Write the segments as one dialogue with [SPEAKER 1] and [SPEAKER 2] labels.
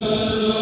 [SPEAKER 1] Thank you.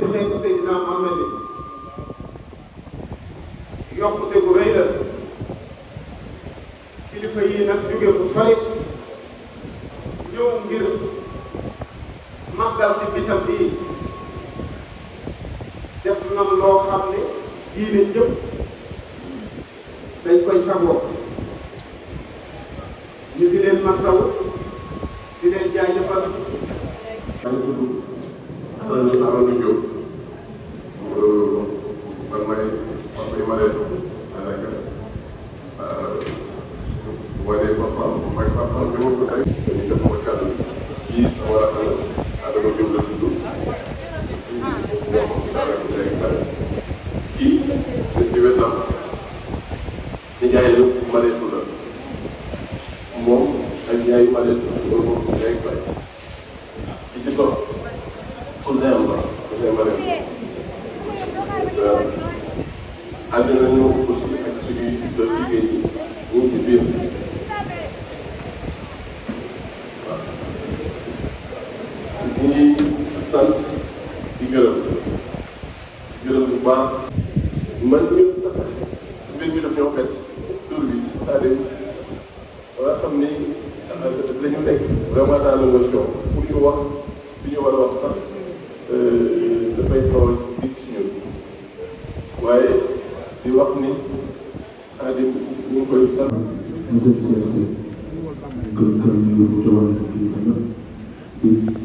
[SPEAKER 2] bu nekk
[SPEAKER 3] Seydina Muhammad yokkute bu rëy la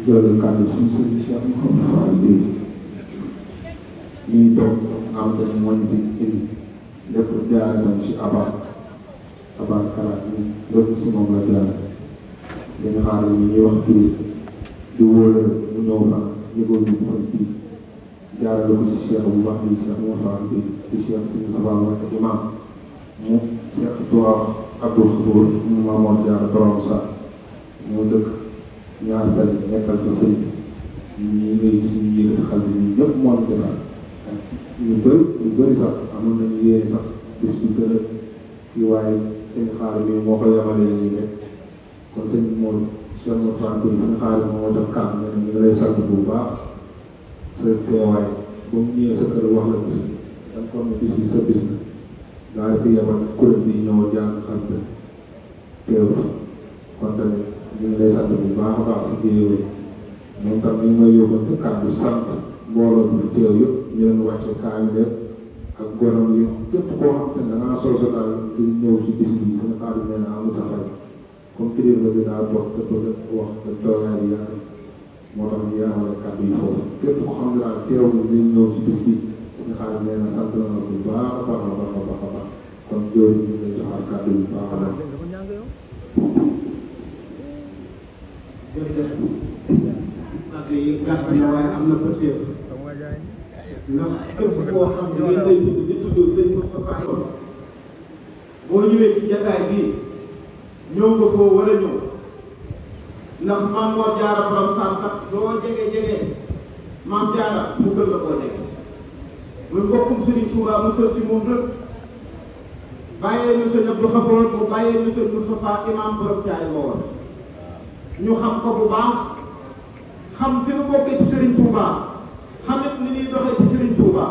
[SPEAKER 1] jël kàddu suñu suñu si am xam-xam bi ñuy toog nga xam ne mooy bi ci lépp jaar nañ si abaat abaat kalaat bi lépp si moom la jaar dañu xaaral ñu ñuy wax kii di wóor mu ñëw fa yëgoo ñu ko kii jaarale ko si cheikh bu baax bi cheikh moo xam bi di cheikh suñu sabaa wax imam mu cheikh tuwaa Abdou Xabour mu maamoon jaar borom sa mu dëkk ñu àndal nekkal ko sëñ bi ñu ngi suñu yëngu xase yi ñëpp moo ñu defal ak ñu bëri ñu sax amoon nañu yéene sax bis bu gën a kii waaye seen xaar bi moo ko yemalee ñu rek kon sëñ bi moom seen xaar bi bi moo def kàddu nga ne ñu ngi lay sant bu baax sa teewaay ba mu wax la ko si danga ko ne bis bi sa ko yebal kuréel bi ñëw jàng xas teew kon ñu ngi lay sant bu baax a baax si jiw moom tam ñu ngi may yóbbante kàddu sant mbooloo bi teew yëpp ñu leen wàcce kaamil ak gorom yi képp koo xam te ne da ngaa sol sa daal di ñëw ci bis bi seen xaar nee na amul sa xarit comme kilifa bi daa bokk te bëgg wax te toogaay yi yaatu moo tax ñu yaamale kàddu yi foofu képp koo xam ne daal teew na di ñëw ci bis bi seen xaar nee na sant na bu baax a baax a baax a baax kon jooju ñu ngi lay joxal kàddu yi baax a baax.
[SPEAKER 3] jërëjëf ak yi na waaye am na ko séer ndax képp koo xam ne yéen lay tudd di tudd sëñ Moustapha boo ñëwee ci jataay bii ñëw nga foo war a Mor Jaara borom saam kat doo jege jege maam Jaara mu gën la koo jege muy mbokkum Sëriñ Tuubaa mu sës ci moom rek bàyyee monsieur Abdou Khafour mu bàyyee monsieur Moustapha imam borom ñu xam ko bu baax xam fi mu bokkee ci Serigne Touba xamit ni ñuy doxee ci Serigne Touba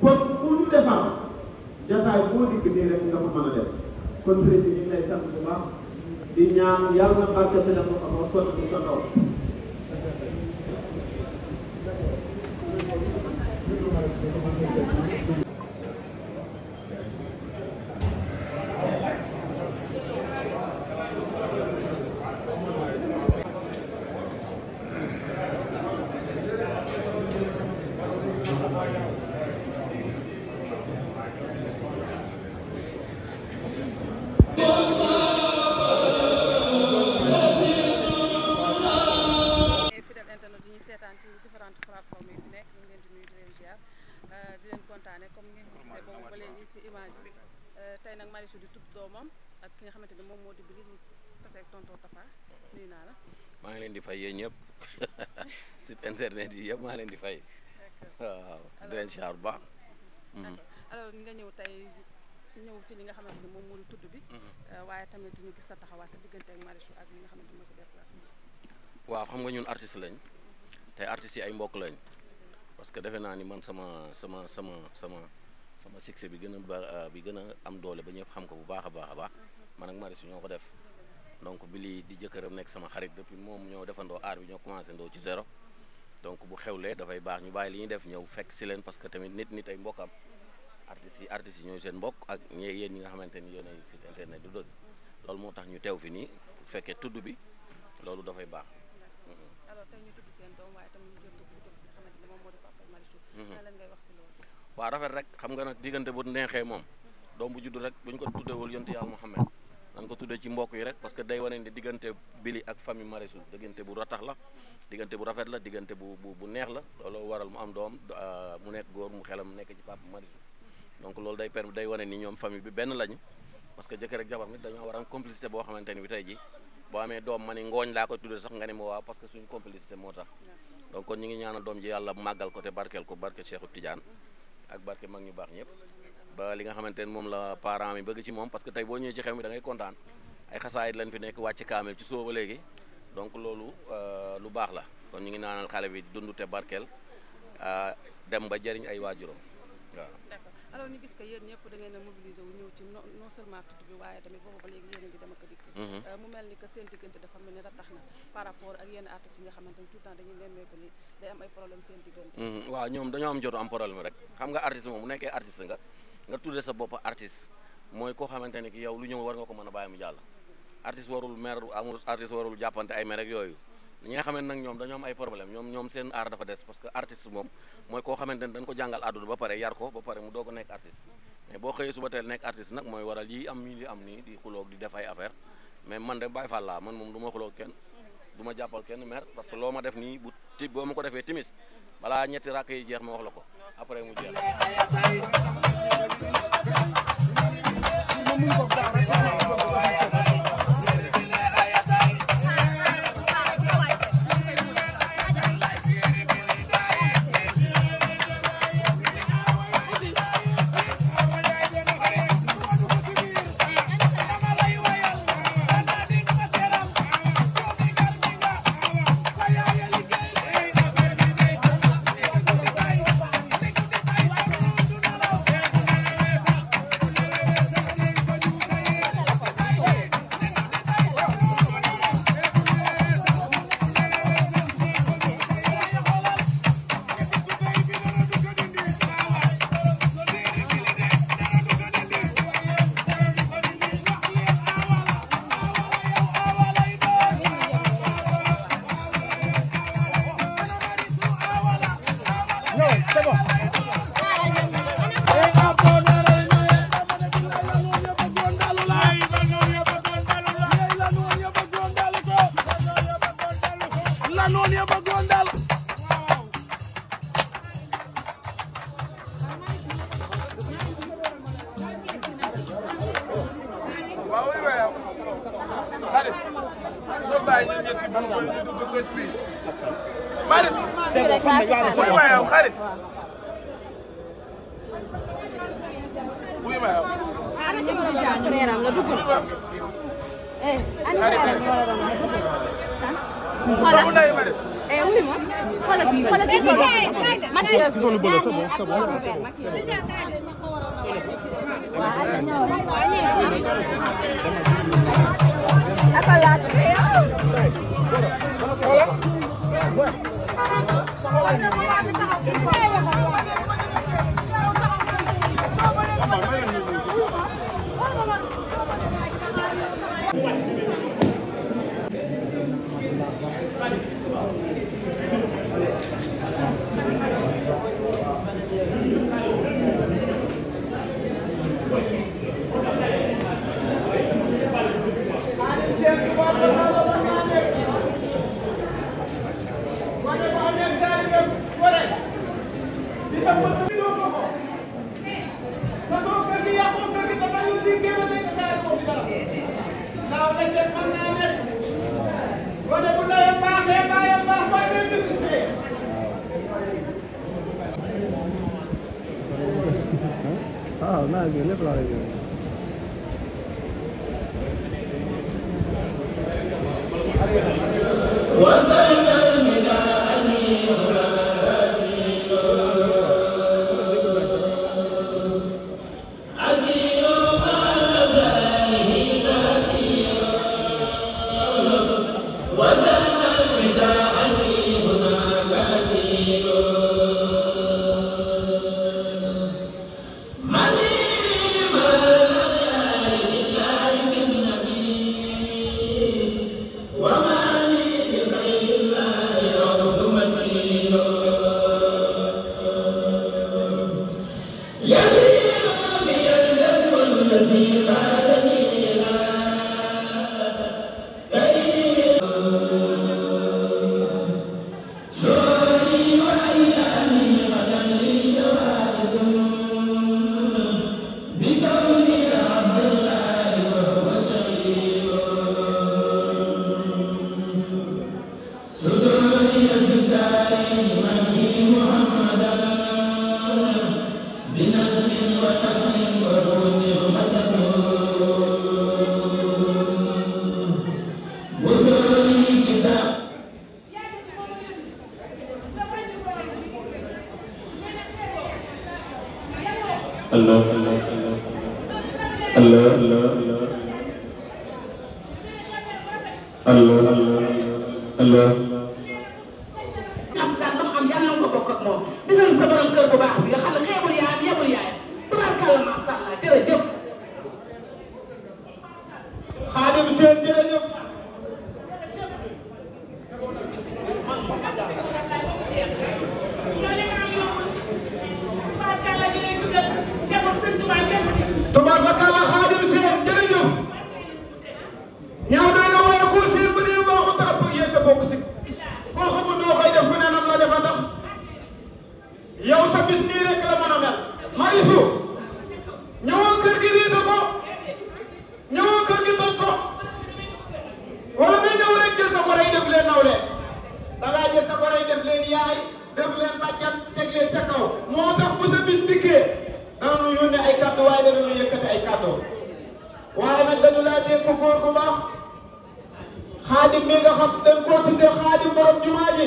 [SPEAKER 3] kon ku ñu defar jataay boo dikk nii rek nga ko mën a def kon Serigne bi ñu ngi lay sant bu def
[SPEAKER 4] moom moo di bëri ñu tase ak naa
[SPEAKER 5] maa ngi leen di fay yéen ñëpp site internet yi yëpp maa leen di fay. waaw di leen bu baax.
[SPEAKER 4] Mm-hmm. ñëw tey li nga xamante ni moom moo di bi. Mm-hmm. Euh, waaye tamit sa taxawaay sa diggante ak Marichou ak li nga xamante
[SPEAKER 5] waaw xam nga ñun artiste lañ tey artistes yi ay mbokk lañ parce que defe naa ni man sama sama sama sama. sama succès bi gën a ba euh, bi gën a am doole ba ñëpp xam ko bu baax a baax a baax mm-hmm. man ak Marichou ñoo ko def donc bi lii di jëkkëram nekk sama xarit depuis moom ñoo defandoo aar bi ñoo commencé ndoo ci zéro donc bu xewlee dafay baax ñu bàyyi li ñuy def ñëw fekk si leen parce que tamit nit nit ay mbokkam artistes yi artistes yi ñooy seen mbokk ak ñee yéen ñi nga xamante ni yéen ay site internet du loolu moo tax ñu tew fi nii bu fekkee tudd bi loolu dafay baax. Mhm.
[SPEAKER 4] alors mhm. si
[SPEAKER 5] loolu. rafet rek xam nga nag diggante bu neexee moom doom bu juddu rek bu ñu ko tuddewul yontu yàlla Muhammad nan ko tuddee ci mbokk yi rek parce que day wane ni diggante Billy ak famille Marichou diggante bu ratax la diggante bu rafet la diggante bu bu bu neex la loolu waral mu am doom ah, mu nekk góor mu xelam nekk ci papa Marichou donc loolu day permettre day wane ni ñoom famille bi benn lañu parce que jëkkër ak jabar nit dañoo war am complicité boo xamante ni bi tey ji boo amee doom ma ni ngooñ laa ko tuddee sax nga ne ma waaw parce que suñu complicité moo tax donc kon ñu ngi ñaanal doom ji yàlla màggal ko te barkeel ko barke Cheikhou Tidiane ak barke mag ñu baax ñëpp ba li nga xamante ne moom la parent mi bëgg ci moom parce que tey boo ñëwee ci xew mi da ngay kontaan ay xasaayit lañ fi nekk wàcc kaamel ci suba ba léegi donc loolu euh, lu baax la kon ñu ngi naanal xale bi dund te barkeel euh, dem ba jëriñ ay waajuram waa
[SPEAKER 4] d'accord alors ñu gis ñëpp da ngeen a mobiliser wu ñëw ci non seulement waaye tamit boobu ba léegi yéen a ngi dem ak dikk. Mhm. Euh, mu mel ni que seen diggante dafa mel ni ratax na par rapport ak yenn artistes yi nga xamante ni tout le temps dañuy nemmeeku ni day am ay problème seen diggante.
[SPEAKER 5] Mhm. waaw ñoom dañoo am jotu am problème rek xam nga artiste moom bu nekkee artiste nga. nga tuddee sa bopp artiste mooy koo xamante ki yow lu ñëw war nga ko mën a bàyyi mu jàll artiste warul mer amul artiste warul jàppante ay mer yooyu ñi nag ñoom dañoo ay problème ñoom ñoom seen art dafa des parce que artiste moom mooy koo xamante ne ko jàngal àdduna ba pare yar ko ba pare mu doog a nekk artiste mais boo xëyee suba teel nekk artiste nag mooy waral yi am mi li am nii di xuloog di def ay affaire mais man de Baye Fall du ma jàppal kenn mer parce que loo ma def nii bu ti boo ma ko defee timis balaa ñetti rakk yi jeex ma wax la ko après mu jeex
[SPEAKER 2] Voilà.
[SPEAKER 1] laa jógee lépp laa
[SPEAKER 3] yow sa bis nii rek la mën a mel Marichou ñëwoo kër gi riite ko ñëwoo kër gi toj ko wala nga ñëw rek jël sa gorey def leen nawle dangaa jël sa gorey def leen yaay def leen bàjjan teg leen ca kaw moo tax bu sa bis dikkee dana nu yónnee ay kàddu waaye dana nu yëkkati ay kàddu waaye nag dañu laa dégg ko góor gu baax xaadim nga xam dañ koo tuddee xaadim borom jumaa ji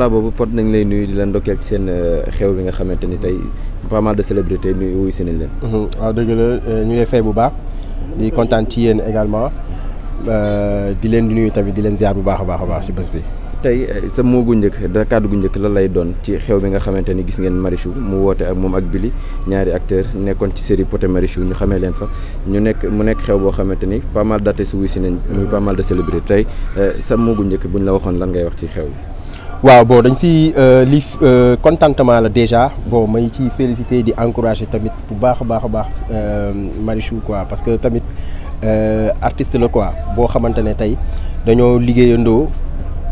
[SPEAKER 6] balaa boobu Pod nañ lay nuyu di la ndokkeel ci seen euh, xew bi nga xamante ni tey pas mal de célébrité nuyu wuyu si nañ leen. waaw mmh. ah, dëgg la euh, ñu ngi fay bu baax di kontaan ci yéen également euh, di leen di nuyu tamit di leen ziar bu baax a baax a baax ci bés bi. tey sa moo gu njëkk da kàddu gu njëkk lan lay doon ci xew bi nga xamante ni gis ngeen Marichou mu woote ak moom ak Billy ñaari acteur nekkoon ci série Pod et Marichou ñu xamee leen fa ñu nekk mu nekk xew boo xamante ni pas mal d'artistes wuyu si nañ muy pas mal de célébrité tey sa moo gu njëkk bu ñu la waxoon lan ngay wax ci xew bi waaw bon dañ si euh, li euh, contentement la déjà bon may ci félicité di encourager tamit bu baax a baax a baax euh, Marichou quoi parce que tamit euh, artiste la quoi boo xamante ne tey dañoo liggéeyandoo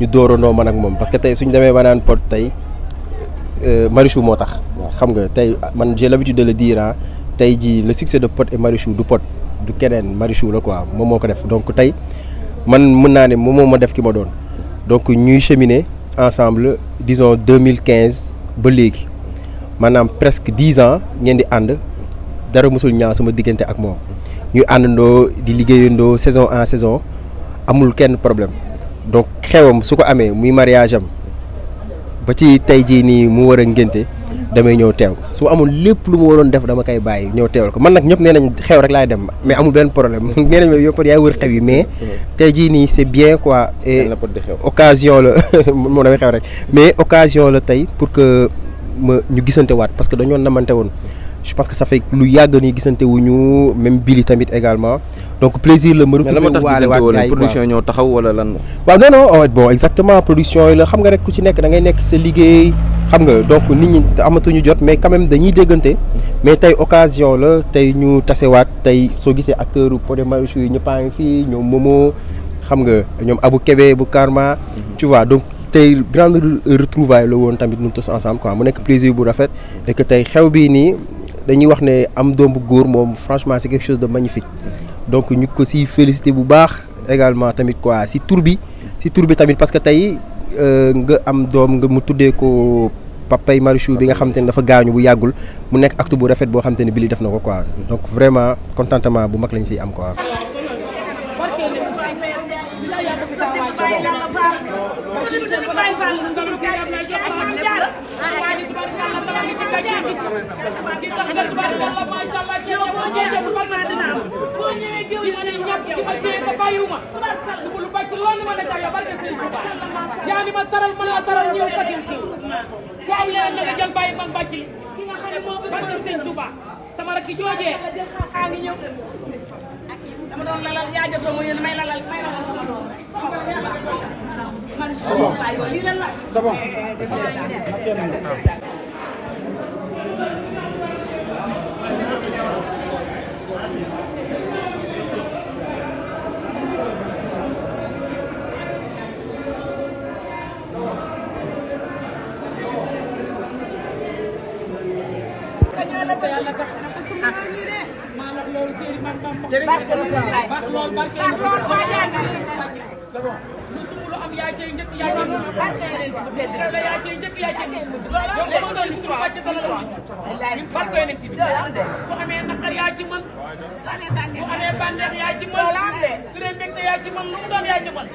[SPEAKER 6] ñu doorandoo man ak moom parce que tey suñ demee ba naan pot tey Marichou moo tax. xam nga tey man j'ai l'habitude de le dire tey jii le succès de Pod et Marichou du Pod du keneen Marichou la quoi moom moo ko def donc tey man mën naa ne moom moo ma def ki ma doon donc ñuy cheminer. ensemble disons 2015 ba léegi maanaam presque dix ans ngeen di ànd dara mosul ñaaw sama diggante ak moom ñuy àndandoo di liggéeyandoo saison en saison amul kenn problème donc xewam su ko amee muy mariage am ba ci tey jii nii mu war a ngénte damay ñëw teew su amul lépp lu mu waroon def dama koy bàyyi ñëw teewal ko man nag ñëpp nee nañ xew rek laay dem mais amul benn problème nee nañ yow yaay wër xew yi mais hmm. tey jii nii c'est bien quoi et occasion la moom damay xew rek mais occasion la tey pour que ma ñu gisante waat parce que dañoo namante woon parce que sa fait lu yàgg ni gisante wuñu même Billy tamit également donc plaisir la ma retrouver waale waat production
[SPEAKER 5] ñoo taxaw wala lan
[SPEAKER 6] waaw non non bon exactement production yi la xam nga rek ku ci nekk da nekk sa liggéey xam nga donc nit ñi amatuñu jot mais quand même dañuy déggante mais tey occasion la tey ñu tasewaat tey soo gisee acteur u Pod et Marichou yi ñëppaa ngi fii ñoom Momo xam nga ñoom abu kebe bu Karma tu vois donc tey grande retrouvaille la woon tamit ñu tous ensemble mu nekk plaisir bu rafet et tey xew bii nii dañuy wax ne am doom bu góor moom franchement c'est quelque chose de magnifique donc ñu ko si félicité bu baax également tamit quoi si tour bi si tur bi tamit parce que tey euh, nga am doom nga mu tuddee ko papay Marichou bi nga xam te ne dafa gaañu bu yàggul mu nekk acte bu rafet boo xam te ne bi def na ko quoi donc vraiment contentement bu mag lañ siy am quoi
[SPEAKER 4] yaa ni Ah. jërëjëf am yaay cay njëkk yaay cay mujj. réew la yaay cay njëkk yaay cay mujj. donc boo doon suñu bàcc dana la gis. ñun fal ko yeneen tamit. su amee naqar yaa ci mën. bu amee bànneex yaa ci mën. su dee mbégte yaa ci mën lu mu doon yaa ci mën.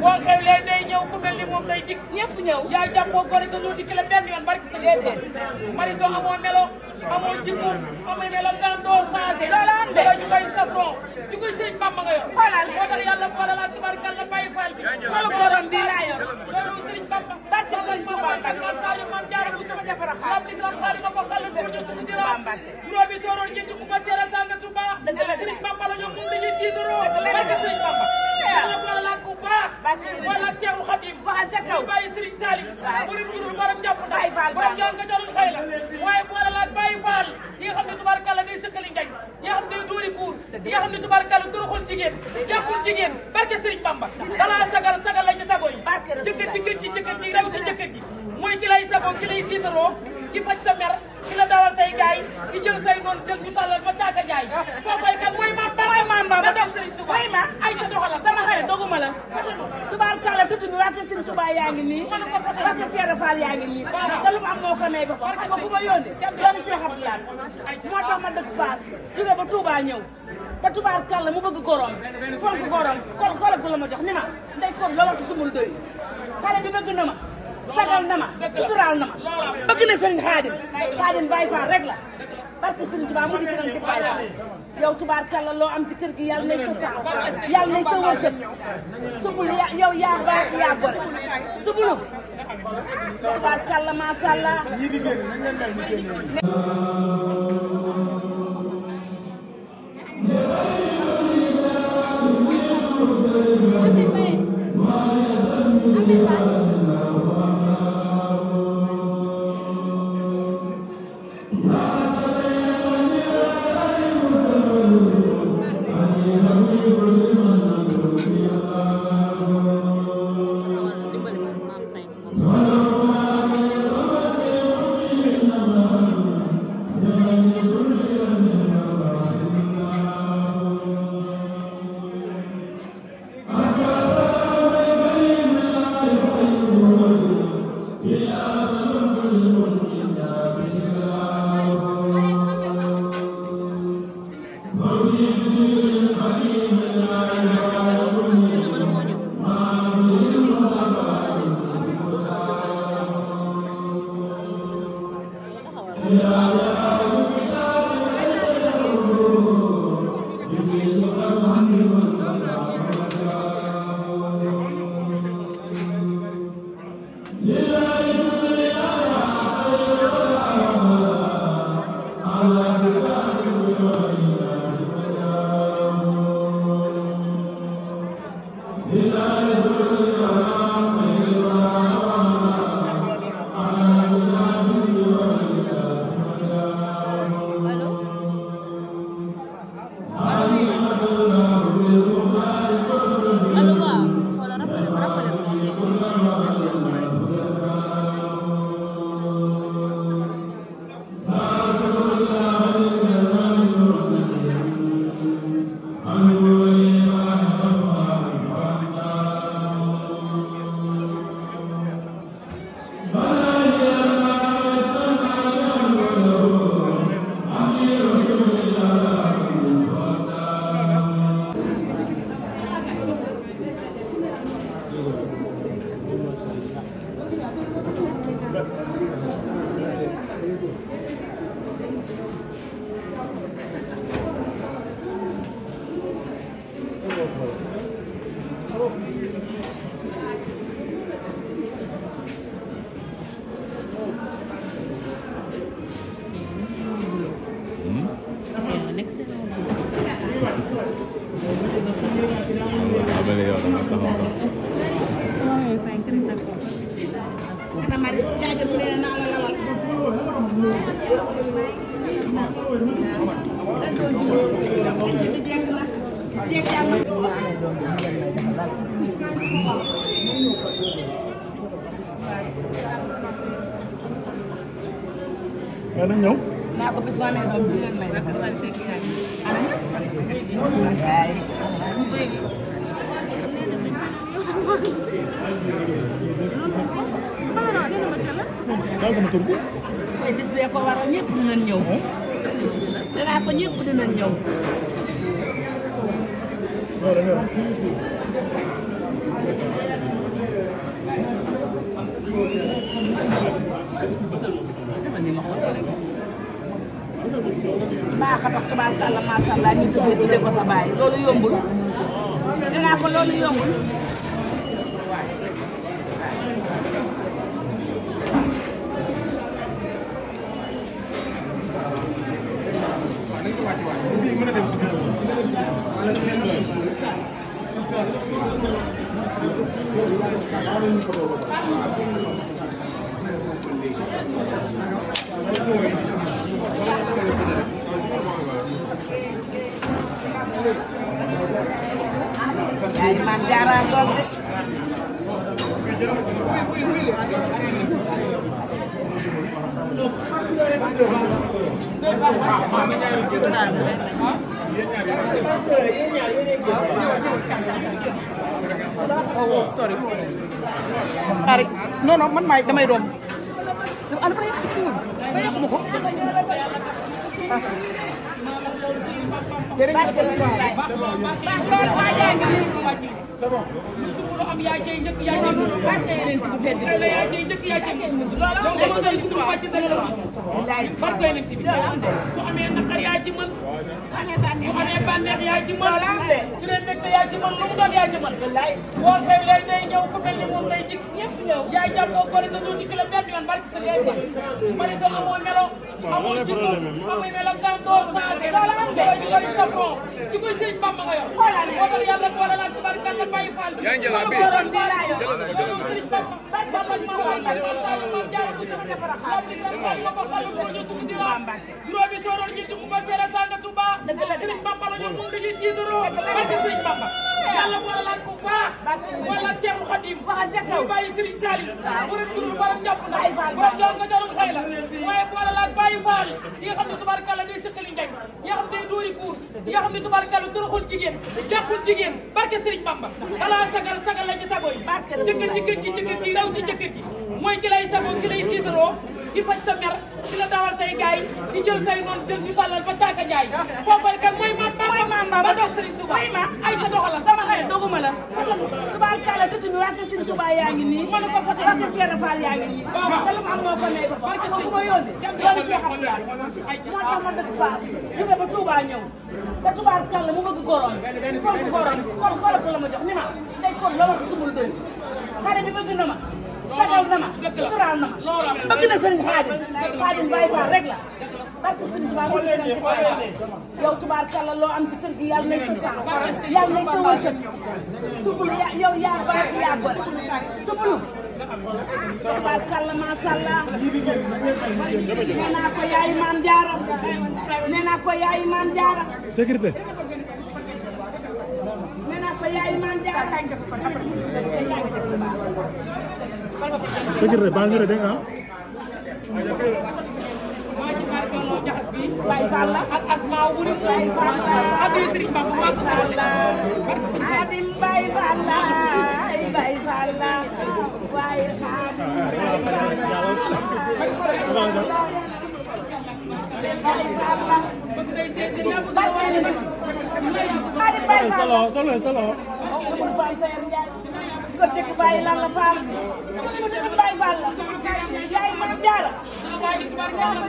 [SPEAKER 4] boo xewlee day ñëw ku mel ni moom day dikk. ñëpp ñëw yaa jàppoo gore te doo dikk la benn yoon barki sa. déedéet Marisol amoo melo. amoo jikko amul melokaan doo changé. loolaan de ñu koy safroo ci kuy sëñ Bamba nga yor. xoolal moo tax yàlla la tubarkal la Baye bi. xoolu borom bii laa yor. loolu sëriñ Bamba. bu sama jafara ma ko xàll bu ñu suñu dira. juróomi sooroon jënd ku ma seera sàngatu baax. dëgg Bamba la ñu mun di ñu tiitaroo. barke sëriñ Bamba. la Abbas wala Cheikhul Khadim waxal ca kaw bàyyi Serigne Salim murid gudul borom jàpp xam ne tubaarkàlla day sëkkali ngañ yi xam ne dóori kuur yi nga xam ne tubaarkàlla turuxul jigéen jàppul jigéen barke Serigne Bamba dalaa sagal sagal la ñu sago yi jëkkër ci kër ci jëkkër ci rew ci jëkkër ji mooy ki lay sago ki lay tiitaroo ki faj sa mer ki dawal say gaay ki jël say noonu jël ñu tàllal ba caaga jaay koo koy kan mooy Mamba maam Bamba may ma sama xarit doguma la tubaar kàlla tudd bi waa kër Sëriñ Tuubaa yaa ngi nii waa kër Cheikh Fall yaa ngi nii te lu mu am moo ko may boppam xam nga ku ma yónni doomi Cheikh Abdoulaye moo tax ma dëkk Fass jóge ba Touba ñëw te tubaar kàlla mu bëgg gorom ma jox na ma sagal na ma suturaal na ma bëgg na Sëriñ Xaadim Xaadim Baay Faal rek la parce que Sëriñ mu di gënal di Baay Faal yow tubaarkàlla loo am ci kër gi yàlla nañ ko sax yàlla nañ sa wërsëg
[SPEAKER 2] subulu yow yaa baax yaa gore
[SPEAKER 4] subulu tubaarkàlla maasàllaa baax a tax tubaarkàlla macha ñu tuddee tuddee ko sa baay loolu yombul dinaa ko loolu yombul. man maay damay doom ah, dama ànd ba yàq ci kii ba yàqu ma ko. ah. c'est bon. surtout lu am yaay cay njëkk yaay cay mujj. yaay cay njëkk yaay cay mujj. looloo la ñu tubaab ci benn bopp. barke nañ ci bi. su amee naqar yaa ci mën. su amee bànneex yaa ci mën. su dee mbégte yaa ci mën lu mu doon yaa ci mën. boo feelee day ñëw ku mel ni moom day dikk ñëpp ñëw. yaay jàppoo ko rek ñu dikk la benn yoon barke sa léegi. ma ne soo amoo melo. amoo jikko amoo melo kan doo changé. looloo am de. ci ko sëriñ Bamba nga yor. moo tax yàlla boole la ak tubaab Baye Fall. yaa ngi jëlaat bii jëlaat juróomi sooroon ñi ci ba seere sanga Touba Serigne Bamba la ñu mundu ñu tiitaroo barke Serigne Bamba yàlla boolaat ku baax boolaat Cheikhul Khadim ñu bàyyi Serigne Saliou borom dund borom jàpp na borom jox nga jaroon xëy la waaye boolaat bàyyi faal yi nga xam ne tubaarkalla day sëqali ngañ yi nga xam ne day dóori kuur yi nga xam ne tubaarkalla toroxul jigéen jàppul jigéen barke Serigne Bamba balaa sagal sagal la ci sago yi jëkkër ji kër ci jëkkër ji raw ci jëkkër ji mooy ki lay sago ki lay tiitaroo di faj sa mer di la dawal say gaay di jël say noonu jël ñu tàllal ba caaka jaay boobay kan mooy maam mooy maam ba dox Serigne Touba mooy ma ay ca doxalal sama xarit doguma la fatalu tubaab kàlla tudd ñu wàcc Serigne Touba yaa ngi nii mën ko fatalu wàcc Cheikh Fall yaa ngi nii te lu mu am moo ko may ba barke ko ma yónni yoonu Cheikh Abdou Lahat moo tax ma dëkk Fass jóge ba Touba ñëw te tubaab kàlla mu bëgg góorom fonk góorom kon xoolal ko la ma jox ni ma day kon la wax sumul dën xale bi bëgg na ma sagal na ma suturaal na ma bëgg na sëriñ Xaadim Xaadim Baay Faal rek la barke sëriñ Tuubaa yow tubaarkàlla loo am ci kër gi yàlla nañ sa sax yàlla nañ sa wërsëg subulu yow yaa baax yaa gore subulu tubaarkàlla macha allah nee naa ko yaay maam jaara nee naa ko yaay maam jaara sécurité nee naa ko yaay maam jaara
[SPEAKER 6] sécurité baa ngi rëdd nga
[SPEAKER 4] Baye Fall la ak Asma wuri Baye Fall la Abdou Serigne Bamba ma Fall la Xaadim Baye Fall la Baye Fall la waaye Xaadim Baye Fall la Baye Fall la Baye Fall la ko dëkk Baye Lalla Fall ko dëkk Baye Fall la yaay Maam Jaara yaay Maam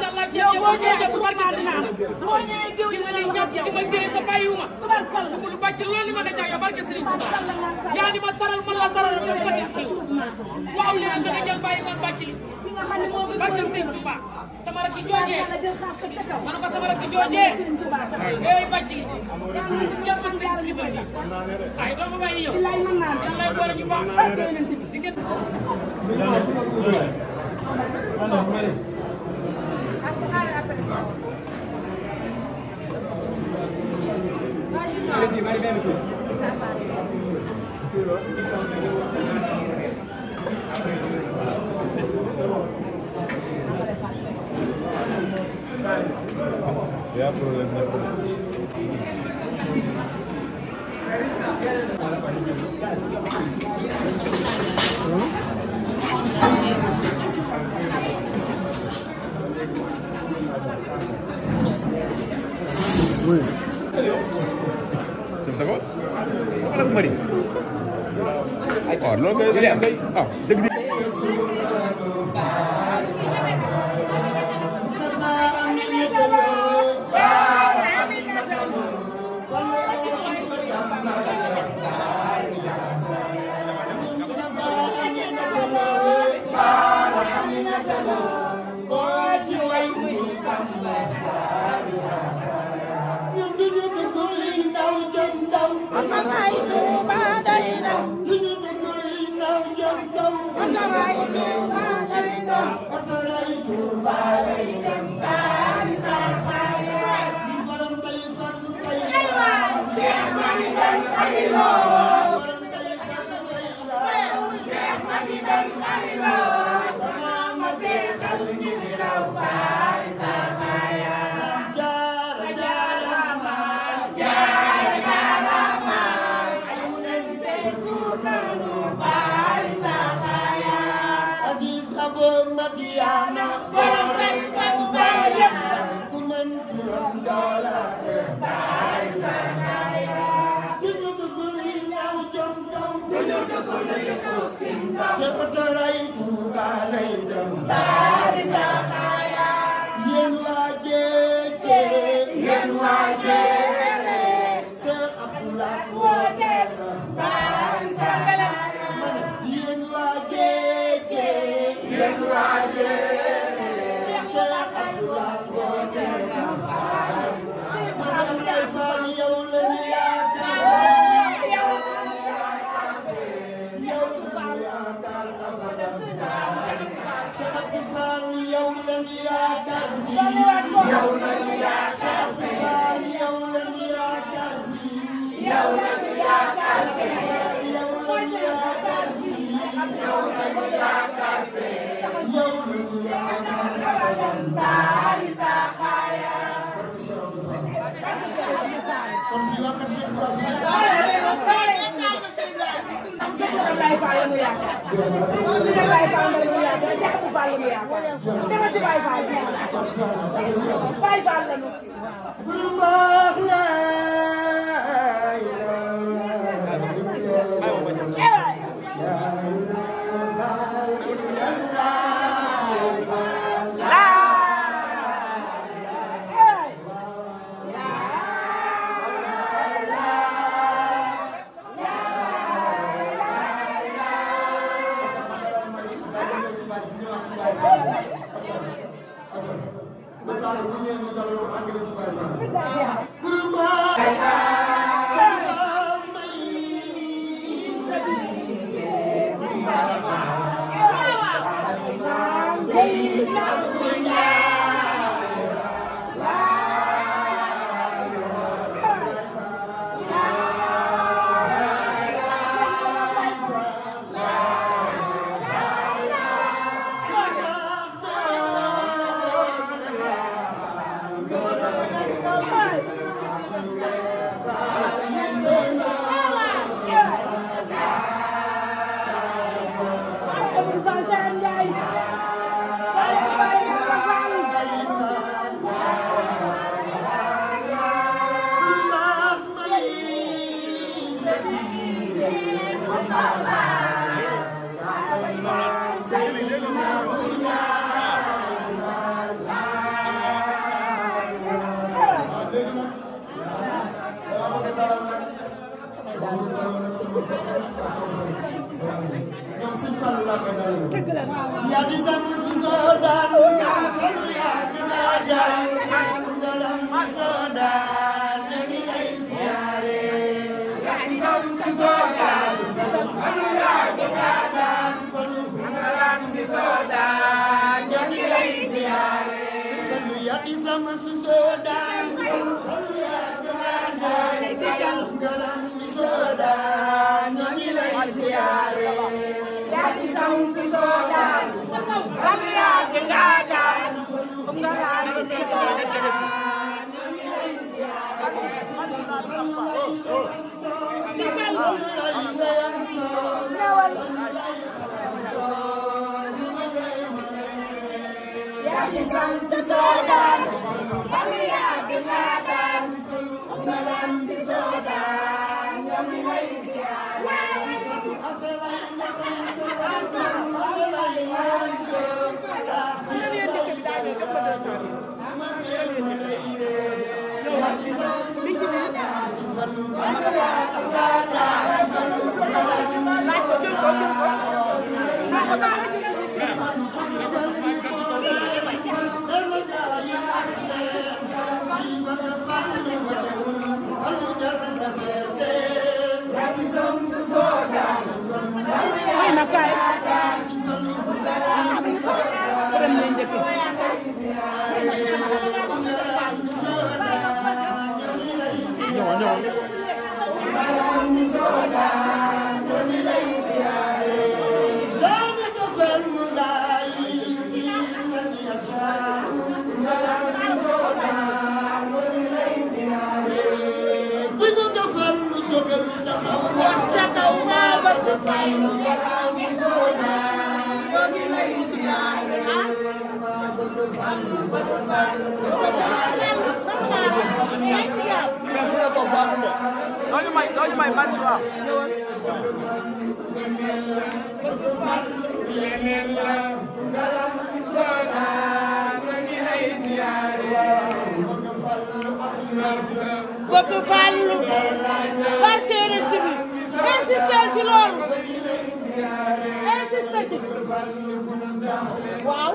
[SPEAKER 4] Jaara yow boo ñëwee tubarkalla dinaa boo ñëwee géew dina la jàpp yow ma jëlee te bàyyiwuma tubarkalla sumul bàcc loolu li ma nga jaay yow barke Sëriñ Tuubaa yaa ni ma taral ma la taral ko ko ci waaw li nga jël bàyyi ma bàcc li nga xam ne moo bëgg barke Sëñ Touba sama rakk joojee man ko sama rakk joojee day bàcc li ñëpp a sëñ si bëri ay doo ma bàyyi yow yàlla lay boole ñu baax di ngeen
[SPEAKER 3] Thank you. yaa problème nag
[SPEAKER 6] oui. sëñ Sakho. wala Marie.
[SPEAKER 3] ayca waaw loolu ngay. ah dëgg ko tëray Tuuba lay dem
[SPEAKER 4] yaakaar dama ci Baye Fall Baye Fall lañu
[SPEAKER 2] Yes, I'm so sorry.
[SPEAKER 3] Thank you.
[SPEAKER 4] touch my bachelor. bëgg fàllu barke yonent bi insistel ci loolu
[SPEAKER 3] insiste ci waaw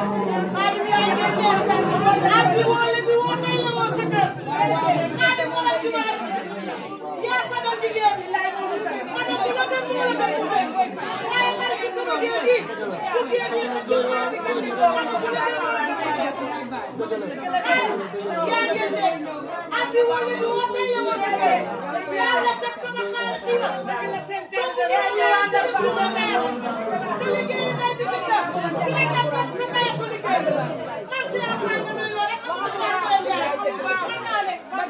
[SPEAKER 4] Abi, what do you want?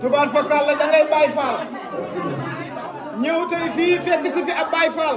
[SPEAKER 3] tubaar fakal la da ngay Baay Faal ñëw tey fii fekk si fi ab Baay Faal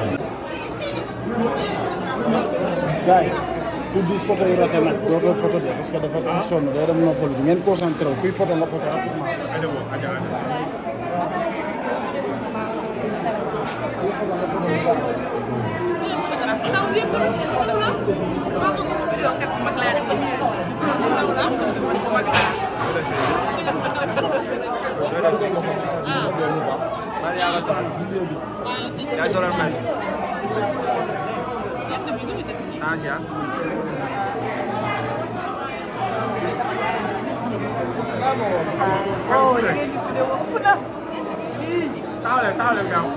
[SPEAKER 5] gars yi ku gis photo yu rafet nag dootoo photo de parce que dafa am sonn day dem
[SPEAKER 3] noppalu bi ngeen concentré wu kuy photo nga photo rapidement. Ah.
[SPEAKER 1] Taas ya. Oh, ini video aku
[SPEAKER 2] dah.
[SPEAKER 3] Tahu dah, tahu dah kau.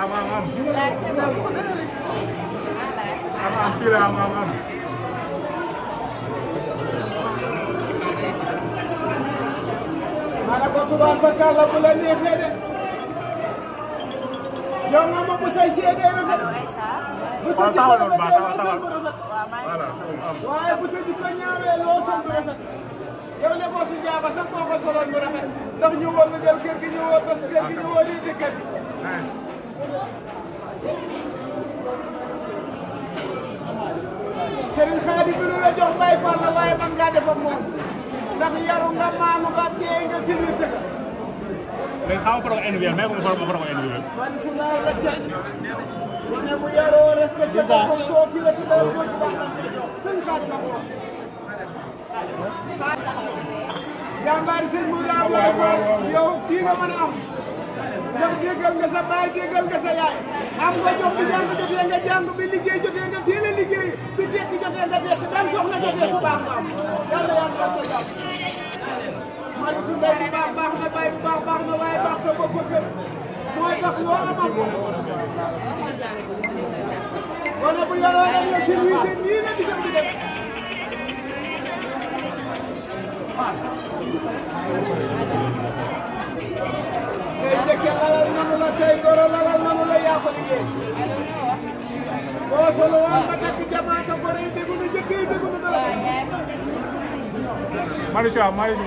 [SPEAKER 3] Am am am. Am am pila am am am.
[SPEAKER 2] Mana kau tu bawa perkara bulan ni ada? yow ma bu say see day rafet. bu sa jikko rafet loo sol
[SPEAKER 3] bu waaye bu sa jikko ñaawee loo sol bu rafet. jaaba sax boo ko soloon bu rafet. ndax ñu woon nga gi ñu woon parce gi ñu woon lii dëkkat bi. Serigne Khady bi waaye man ngaa def ak moom. ndax yaru nga maanu nga
[SPEAKER 5] mais xaw ma faral ko NBA mais comme faral ma faral ko NBA. man
[SPEAKER 2] su ma la jënd. bu ne bu yaroo respecté
[SPEAKER 3] ko comme koo kii la ci baax la koy jox. sëñ Fatou ma ko. jàmbaar sëñ mu laaw laay fa yow kii nga mën a am. ndax déggal nga sa baay déggal nga sa yaay. am nga jom bi jàng jotee nga jàng bi liggéey jotee nga teel a liggéey bi tekki jotee nga tekki ban soxla jotee su baax nga am yàlla yàlla def sa jàmm. Mansour Mbaye bu baax baax na Mbaye bu baax baax na waaye baax sa bopp kër mooy tax loo amal
[SPEAKER 2] ko. kon bu yoroo rek nga service nii la di dem di dem.
[SPEAKER 3] say njëkk lalal nanu la say goro lalal nanu la yaa ko liggéey.
[SPEAKER 2] boo solo woon ba takk
[SPEAKER 3] jamaa ka gore yi déglu njëkk yi
[SPEAKER 2] déglu dara.
[SPEAKER 1] Maricha maa ngi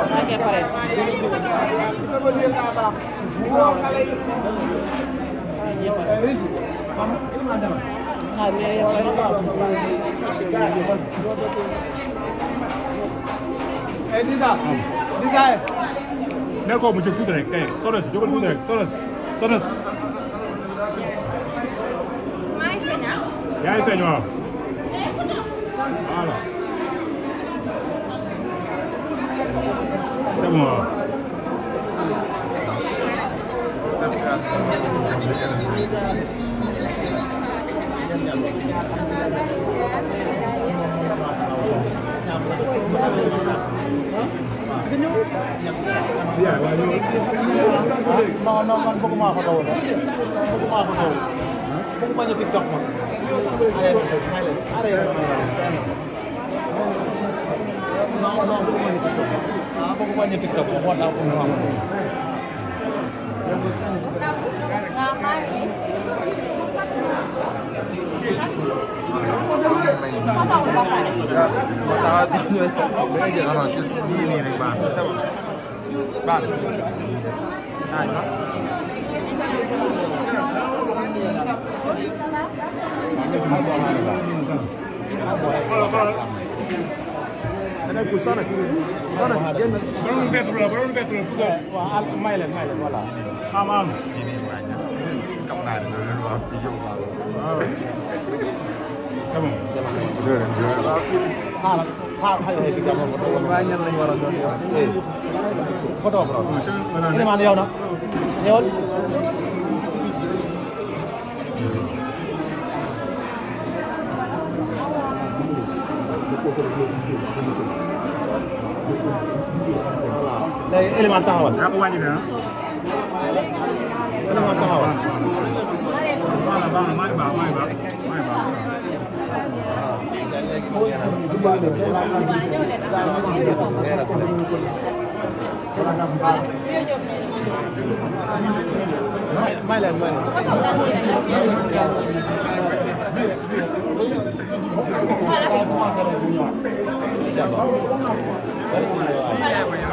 [SPEAKER 2] ok pare. ah
[SPEAKER 3] mais yow rek. Disa. Disa ye.
[SPEAKER 1] ne ko mu jóg tuuti rek tey soxna si jógal tuuti rek soxna si soxna si. yaa ngi feeñ waaw. voilà. C'est moi.
[SPEAKER 6] Non, non, man bëgguma ko taw la. Bëgguma
[SPEAKER 4] ko taw. Bëgguma ñu TikTok man. Arrête, arrête. non non bëgguma ñu TikTok ah bëgguma ñu TikTok ba xool naa ko mu am.
[SPEAKER 2] Thank you.
[SPEAKER 3] danañ ko soxna si soxna si génn. waroon bett lool waroon bett lool. waaw may leen may leen voilà. am ah, am. waaw.
[SPEAKER 1] c'est bon.
[SPEAKER 4] Ah, ah,
[SPEAKER 6] day élément taxawal. yaa ko wàññi de ah. élément taxawal. voilà baax na maa ngi baax maa ngi baax maa ngi baax.
[SPEAKER 5] may leen
[SPEAKER 2] may leen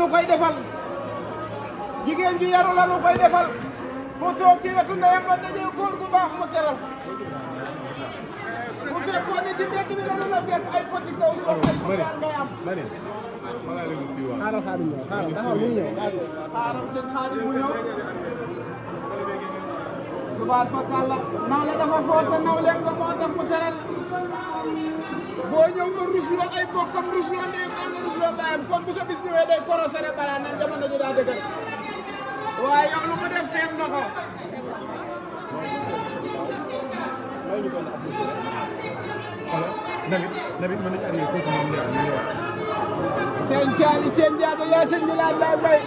[SPEAKER 3] lanu koy defal jigéen ju yaru lanu koy defal mu toog ci wetu ndeyam ba dajee góor gu baax mu teral bu fekkoon ne ci mbedd bi lanu la fekk ay poti kaw
[SPEAKER 6] sol ay sukaan ngay am xaaral xaadim ñëw xaaral muy ñëw
[SPEAKER 3] xaaral seen xaadim mu ñëw tubaar fa kàlla naa la dafa foot te naw leen nga moo tax mu teral boo ñëw rusloo ay bokkam rusloo ndeyam am na rusloo baayam kon bu sa bis ñëwee day korosere balaa nan jamono ji daa dëgër waaye yow lu mu def feem na ko nabit nabit yaa seen ñu laaj lay bay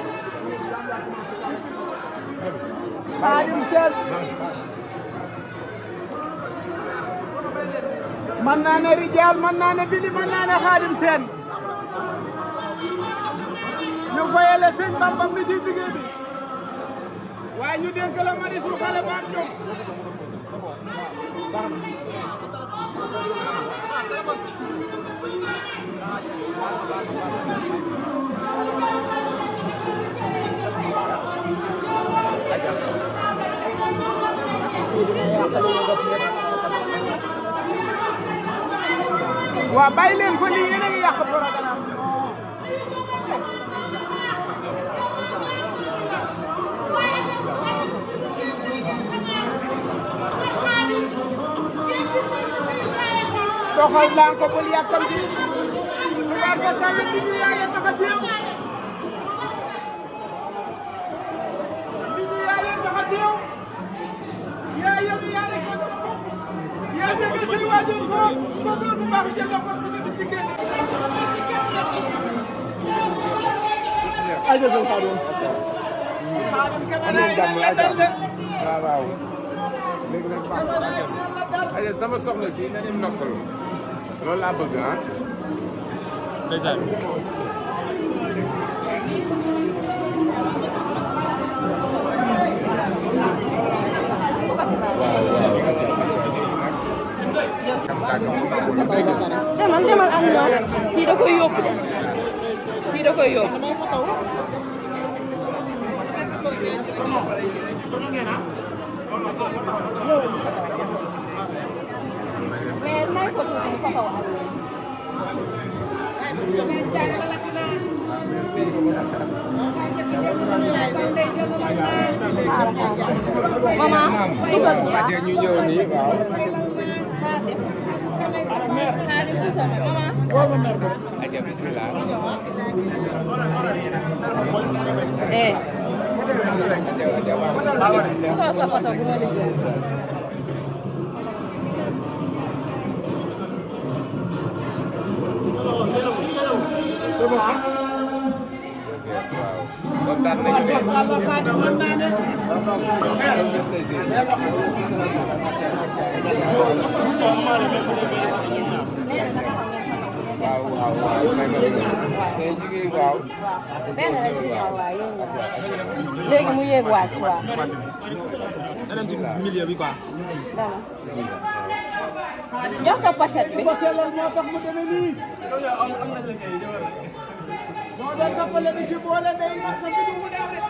[SPEAKER 3] mën naa ne Rijaal mën naa Bili mën naa ne Xaadim Seen ñu fayale seen bambam mi ci liggéey waaw bàyyi leen ko lii yéen a ngi yàq programme doxal naa ko bul yàkkam ji. bu baax ko kaay bi ñu yàlla tax a teew. dóor ko ba dóor bu baax jël ko bu sa bis di génn. ayca sëñ Fadou. Fadou caméra yi dañ la dal de. waaw waaw.
[SPEAKER 1] léegi nag baax na
[SPEAKER 3] ayca sama soxna si na nim noppalu loolu laa bëgg ah.
[SPEAKER 1] ndeysaan.
[SPEAKER 4] demal demal am na kii da koy yóbbu kii da koy yóbbu.
[SPEAKER 1] mais may ko tuuti mu fotow ak
[SPEAKER 2] maman dugal bu baax ñu ñëw nii waaw
[SPEAKER 1] aja bismillah eh
[SPEAKER 3] buka sa foto bu ma
[SPEAKER 2] liggéey c'est bon waaw
[SPEAKER 1] waaw waaw waaw mais ñu ngi waaw.
[SPEAKER 4] benn la ci ñoom waaw yéen ñoom léegi mu yéeg wàcc waaw.
[SPEAKER 3] da dem ci milieu bi quoi.
[SPEAKER 4] dama jox ko
[SPEAKER 3] pochette bi. moo doon toppale bi ci boole day nag sa bidu mu daaw rek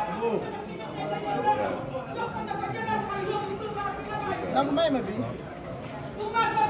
[SPEAKER 3] donc may ma bi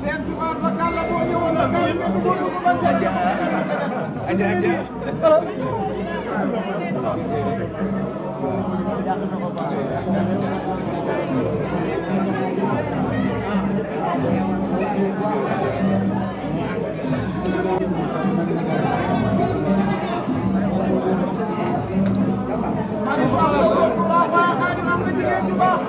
[SPEAKER 2] seen tubaab sa kàll boo ñëwoon sa kàll même bu ko ban jaajëf aja aja
[SPEAKER 1] Mari soxla góor bu baax waa xaaj ma am na jigéen bu baax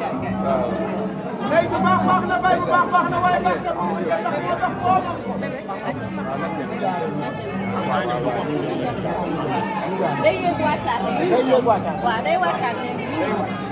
[SPEAKER 3] bu baax baax na bay bu baax baax na waaye
[SPEAKER 2] baax na moom ngeen tax moo tax woo na ko. day yëg waataat day yëg waataat waaw day waataat